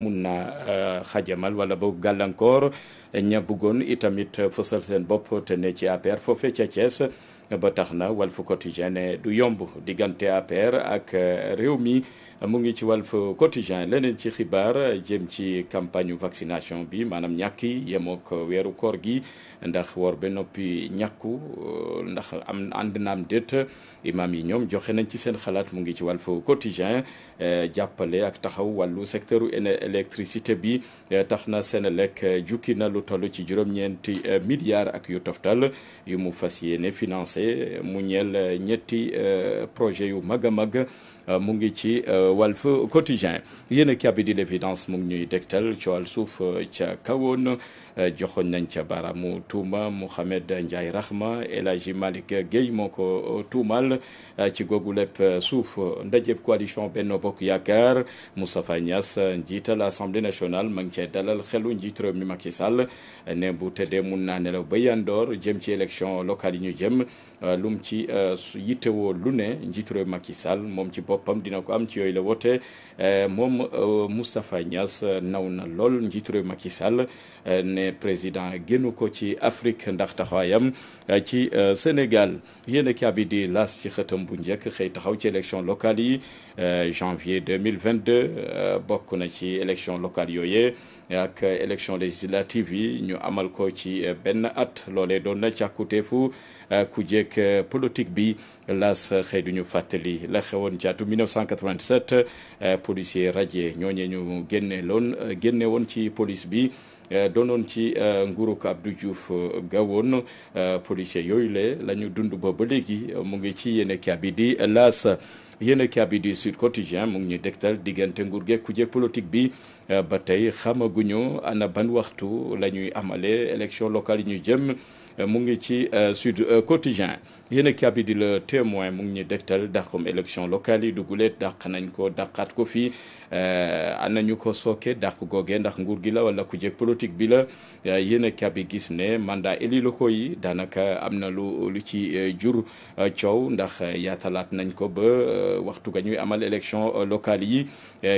mun naa euh, xajamal wala boog gàllankoor ña bëggoon itamit fosal seen bopp te ci APR foofe ca Thiès ba tax na Walf Quotidien ne du yomb diggante APR ak euh, réew mi mu ngi ci Walf Quotidien leneen ci xibaar jëm ci campagne vaccination bi maanaam ñàkk yi yemook weeru koor gi ndax woor ba noppi ñàkku ndax am ànd naam déet imaam yi ñoom joxe nañ ci seen xalaat mu ngi ci Walf Quotidien eh, jàppale ak taxaw wàllu secteur électricité bi eh, tax na Senelec jukki na lu toll ci juróom-ñeenti eh, milliards ak yu toftal yu mu fas yéene financé mu ñeel ñetti projet yu mag a mag Euh, mu ngi ci euh, Walf Quotidien yéen a kii di l'évidence mu ngi ñuy dégtal ci wàllu suuf euh, ca kawoon Euh, joxoñ nañ ca baaraamu tuuma Mouhamed Ndiaye Rahma El Hadji Malick Guèye moo ko euh, tuumal euh, ci googu lépp suuf ndajeb coalition benn Bokk Yaakaar Moustapha Niass njiital assemblée national ma ngi cee dalal xelu njiit réew mi Macky Sall ne bu tëddee mun naa nelaw ba yandoor jëm ci élection local yi ñu jëm lum ci yittewoo lu ne njiit réew Macky Sall moom ci boppam dina ko am ci yooyu la wote moom Moustapha Niass naw na lool njiit réew Macky président génnu ko ci Afrique ndax taxawaayam euh, ci euh, Sénégal yéen a kaabi di las ci xëtam bu njëkk xëy taxaw ci élection locale yi euh, janvier 2022 bokk na ci élection locale yooyee ak élection législative yi ñu amal ko ci benn at loolee doon na càkkuteefu ku jeeg politique bi las xëy duñu fàttali la xewoon ci atum 1987 policier radié ñooñee ñu génne loon génne woon ci police bi Eh, doonoon ci eh, nguurug Abdou Diouf eh, gawoon policier yooyu le la ñu dund ba ba léegi mu ngi ci yéene kaa bi di laas yéene kaa bi di Sud Quotidien mu ngi ñuy dégtal diggante nguur geeg kuje politique bi ba tey xamaguñu ana ban waxtu la ñuy amale élection locale yi ñuy jëm mu ngi ci euh, Sud euh, Quotidien yéen a bi di le témoin mu ngi ñu dégtal dàqum élection locale yi duguleet dàq nañ ko dàqaat ko fii euh, anañu ko sooke dàq goge ndax nguur gi la wala ku jeg politique bi la yéen a bi gis ne mandat élus locaux yi daanaka am na lu lu ci jur coow ndax yaatalaat nañ ko ba waxtu ga ñuy amal élection locale yi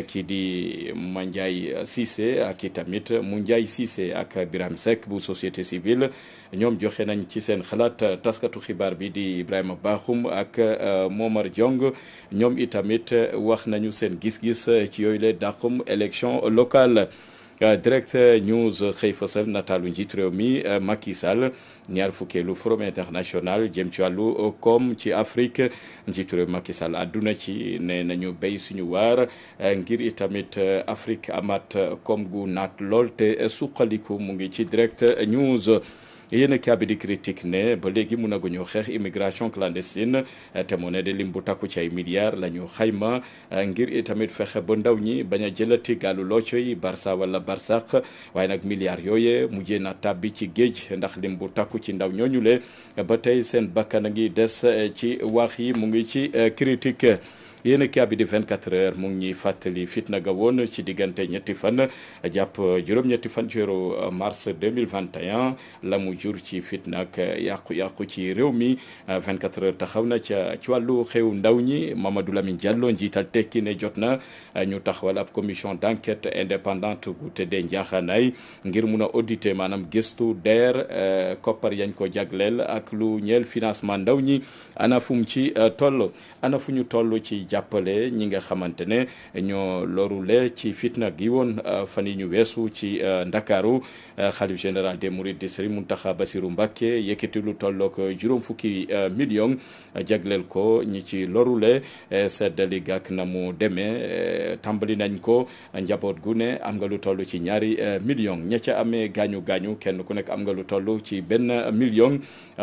kii di Mandiaye Cissé ak i tamit mu Ndiaye Cissé ak biram sek bu société civile ñoom jox joxe nañ ci seen xalaat taskatu xibaar bi di Ibrahima Bakhoum ak euh, Momar jong ñoom itamit wax nañu seen gis-gis ci yooyu la dàqum élection local euh, direct news xëy fasal nataalu njiit réew mi euh, Macky Sall ñaar fukkeelu forum international jëm ci wàllu koom ci Afrique njiit réew Macky Sall àdduna ci ne nañu béy suñu waar ngir itamit Afrique amaat koom gu naat lool te suqaliku mu ngi ci direct news. yéen a kaabi critique ne ba léegi mënaguñu xeex immigration clandestine te mu ne de lim bu takku ci ay milliards ñu xayma ngir itamit fexe ba ndaw ñi bañ a jëlati gaalu looco yi Barça wala Barsaq waaye nag milliards yooye mujjee na tàbbi ci géej ndax lim bu takku ci ndaw ñooñu le ba tey seen bakkan a ngi des eh, ci wax yi mu ngi ci eh, critique yéen a kii bi di 24 heures mu ngi ñuy fàttali fitna ga woon ci diggante ñetti fan jàpp juróom-ñetti fan ci weeru mars 2021 la mu jur ci fitna ak yàqu-yàqu ci réew mi 24 heures taxaw na ca ci wàllu xew ndaw ñi Mamadou Lamine Diallo njiital tekki ne jot na ñu taxawal ab commission d'enquête indépendante bu de njaaxaanaay ngir mun a auditer maanaam gëstu DER euh, koppar yañ ko jagleel ak lu ñeel financement ndaw ñi ana fu ci euh, tollo ana fu ñu toll ci jàppale ñi nga xamante ne ñoo lorule ci fitna gi woon euh, fan yi ñu weesu ci euh, ndakaaru xalif euh, général des mourides di Serigne Mountakha Bassirou Mbacké yëkkati lu tollook juróom fukki million jagleel ko ñi ci lorule seddali gàkk na mu demee tàmbali nañ ko njaboot gu ne am nga lu toll ci ñaari million ña ca amee gaañu gaañu kenn ku nekk am nga lu toll ci benn million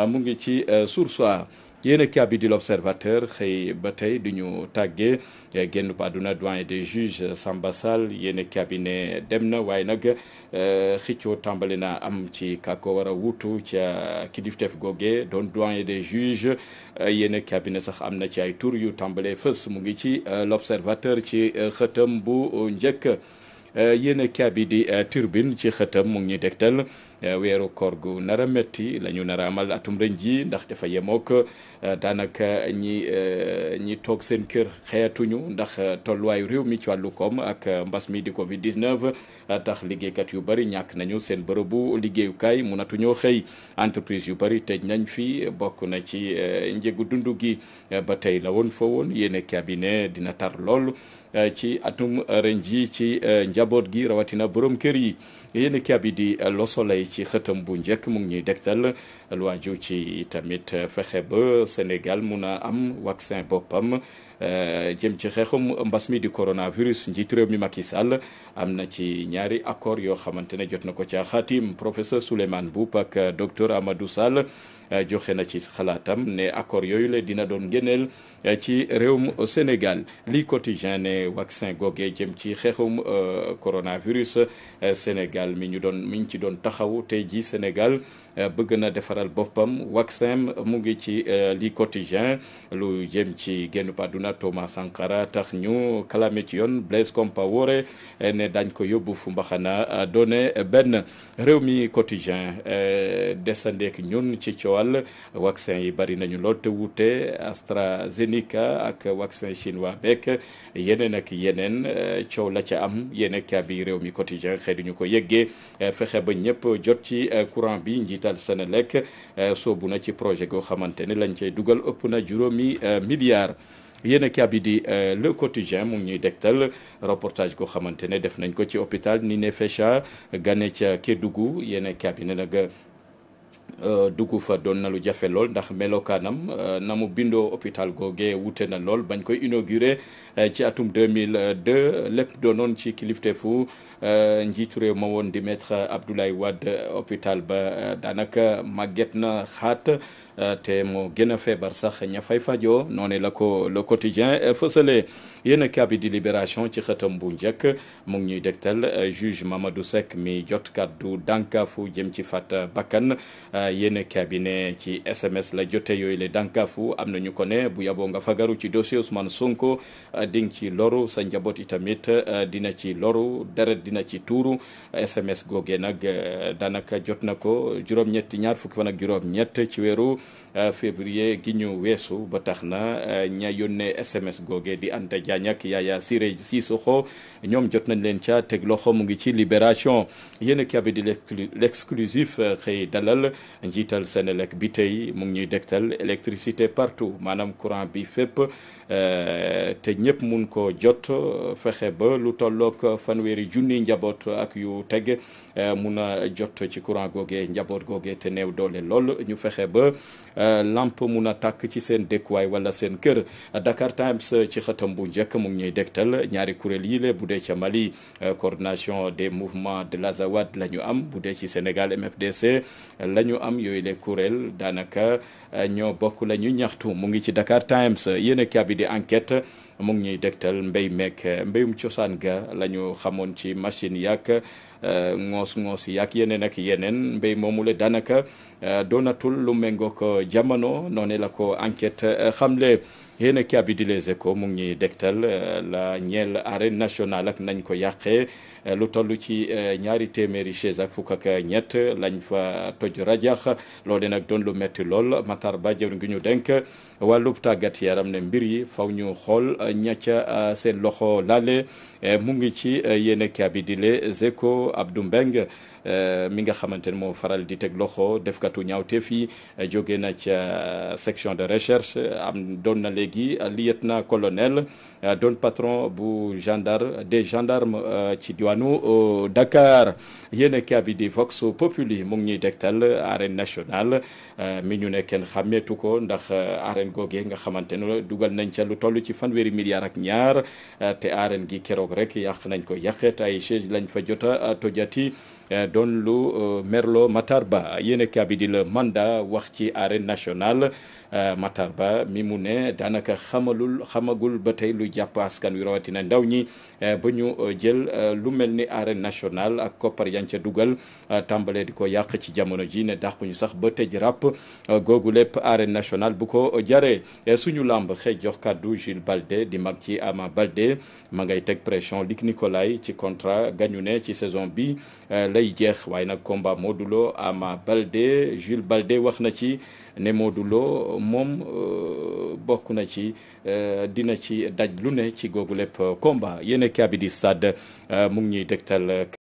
mu ngi ci sursoir yéen a kii di l'observateur xëy ba tey du ñu tàggee eh, génn ba àdduna doyen des juges Samba Sall yéen a kii bi ne dem na waaye nag eh, xëccoo tàmbali na am ci kako wara a ci ca kilifteef googee doon doyen des juges eh, yéen a ne sax am na ci ay tur yu tàmbalee fës mu ngi ci l'observateur ci xëtam bu njëkk yéen a kii di turbine ci xëtam mu ngi ñuy dégtal. Eh, weeru koor gu nar a métti la nar a amal atum ren ji ndax dafa yemook eh, daanaka ñi eh, ñi toog seen kër xeetuñu ndax tolluwaayu réew mi ci wàllu koom ak mbas mi di Covid 19 tax liggéeykat yu bari ñàkk nañu seen bërëbu liggéeyukaay mënatuñoo xëy entreprise yu bari tëj nañ fi bokk na ci njëgu dund gi ba tey lawoon woon fa woon yéene cabinet dina tar lool ci atum ren ji ci njaboot gi rawatina borom kër yi. yéen kii bi di Le Soleil ci xëtam bu njëkk mu ngi ñuy dégtal lu aju ci tamit fexe ba Sénégal mun a am vaccin boppam euh, jëm ci xeexum mbas mi di coronavirus njiit réew mi Macky Sall am na ci ñaari accord yoo xamante ne jot na ko ca xaatim professeur Souleymane bu ak docteur Amadou Sall. Euh, joxe na ci xalaatam ne accord yooyu le dina doon ngëneel euh, ci réewum Sénégal lii quotidien ne vaccin googee jëm ci xeexum euh, coronavirus Sénégal mi ñu doon mi ñu ci doon taxaw tey jii Sénégal bëgg na defaral boppam vaccin mu ngi ci lii quotidien lu jëm ci génn àdduna Thomas Sankara tax ñu kalame ci yoon Blaise Compaoré ne dañ ko yóbbu fu mbaxana donné benn réew mi quotidien desandeek ñun ci coow taxawal vaccin yi bari nañu lool te wuute AstraZeneca ak vaccin chinois beeg yeneen ak yeneen eh, coow la ca am yéen kaa bi réew mi quotidien xëy ñu ko yeggee eh, fexe ba ñëpp jot ci eh, courant bi njiital Senelec soobu na ci projet goo xamante ne lañ cay dugal ëpp na juróomi milliards. yéen a kii di le quotidien mu ngi ñuy dégtal reportage goo xamante ne def nañ ko ci hôpital Ninifécha gane ca Kédougou yéen a kii ne nag. Euh, dugg fa doon na jafe lool ndax melokaanam euh, na mu bindoo hôpital googe wute na lool bañ koy inauguré euh, ci atum 2002 lépp doonoon ci kilifteefu njiitu réew ma woon di maître Abdoulaye Wade hôpital ba daanaka màgget na xaat Euh, te moo gën a feebar sax ña fay fajoo noonu la ko le quotidien euh, fësale yéen a kaabi di libération ci xëtam bu njëkk mu ngi ñuy dégtal euh, juge Mamadou Seck mi jot kàddu dànkaafu jëm ci fat bakkan yéen a kaabi ne ci SMS la jote yooyu le dànkaafu am na ñu ko ne bu yaboo nga fagaru ci dossier Ousmane Sonko ding ci loru sa njaboot itamit dina ci loru deret dina ci tuuru SMS googee nag daanaka jot na ko juróom-ñetti ñaar fukki fan ak juróom-ñett ci weeru Euh, février gi ñu weesu ba tax na euh, ña yónnee SMS googe di Anta Diagne ak Yaya Siré Sissoko ñoom jot nañ leen ca teg loxo mu ngi ci Libération yéen a kabi di l'exclusif euh, xëy dalal njiital seen lekk bi tey mu ngi ñuy dektal électricité partout maanaam courant bi fépp. Euh, te ñëpp mun ko jot fexe ba lu tollook fanweeri junni njaboot ak yu teg euh, mun a jot ci courant googe njaboot googe te néew doole lool ñu fexe ba euh, lamp mun a takk ci seen dëkkuwaay wala seen kër Dakar Times ci xëtam bu njëkk mu ngi ñuy dégtal ñaari kuréel yi le bu dee ca Mali cordination des mouvements de l'Azawad la ñu am bu dee ci Sénégal MFDC la ñu am yooyu le kuréel daanaka ñoo bokk la ñu ñaxtu mu ngi ci Dakar Times yéen di enquête mu ngi ñuy dégtal mbéy meek mbéyum cosaan ga la ñu xamoon ci machine yàq euh, ngoos ngoos yaak yeneen ak yeneen mbéy moomu la daanaka euh, doonatul lu méngoo ko euh, jamono noonu la ko enquête xamle. yéen a kaabi di les échos mu ngi ñuy dégtal euh, la ñeel arène nationale ak nañ ko yàqee euh, lu toll ci euh, ñaari téeméeri chaise ak fukk ak ñett lañ fa toj rajax loolee nag doon lu metti lool Matar Ba jëwriñ gi ñu denk wàllub tàggat yaram ne mbir yi faw ñu xool ña ca seen loxo laale Eh, mu ngi ci eh, yéene kabidile Zeko Abdou Mbeng eh, mi nga xamante ne moo faral di teg loxo defkatu te yi jóge na ca section de recherche am doon na léegi lieutenant colonel doon patron bu gendarme des gendarmes ci diwaanu Dakar yéene kabidi Vox Populi mu ngi ñuy dektal arène nationale mi ñu ne kenn xàmmeetu ko ndax arène googee nga xamante ne dugal nañ ca lu toll ci fanweeri milliards ak ñaar te arène gi keroog rek yàq nañ ko yàqeet ay chaise lañ fa jota tojati Eh, doon lu eh, merlo Matar Ba yéenekaay bi di la mandat wax ci arène nationale eh, Matar Ba mi mu ne daanaka xamalul xamagul ba tey lu jàpp askan wi rawatina ndaw ñi ba ñu jël lu mel ni arène national ak koppar yañ ca dugal tàmbalee di ko yàq ci jamono ji ne dàquñu sax ba tëj ràpp googu lépp arène nationale bu ko jaree suñu làmb xëy jox kàddu Jules Balde di mag ci Ama Balde ma ngay teg pression Luc Nicolaï ci contrat gañu ne ci saison bi lay jeex waaye nag combat Modou Lo Ama Baldé Jules Baldé wax na ci ne Modou Lo moom euh, bokk na ci euh, dina ci daj lu ne ci googu lépp combat yéen a kii di euh, mu ngi ñuy dégtal.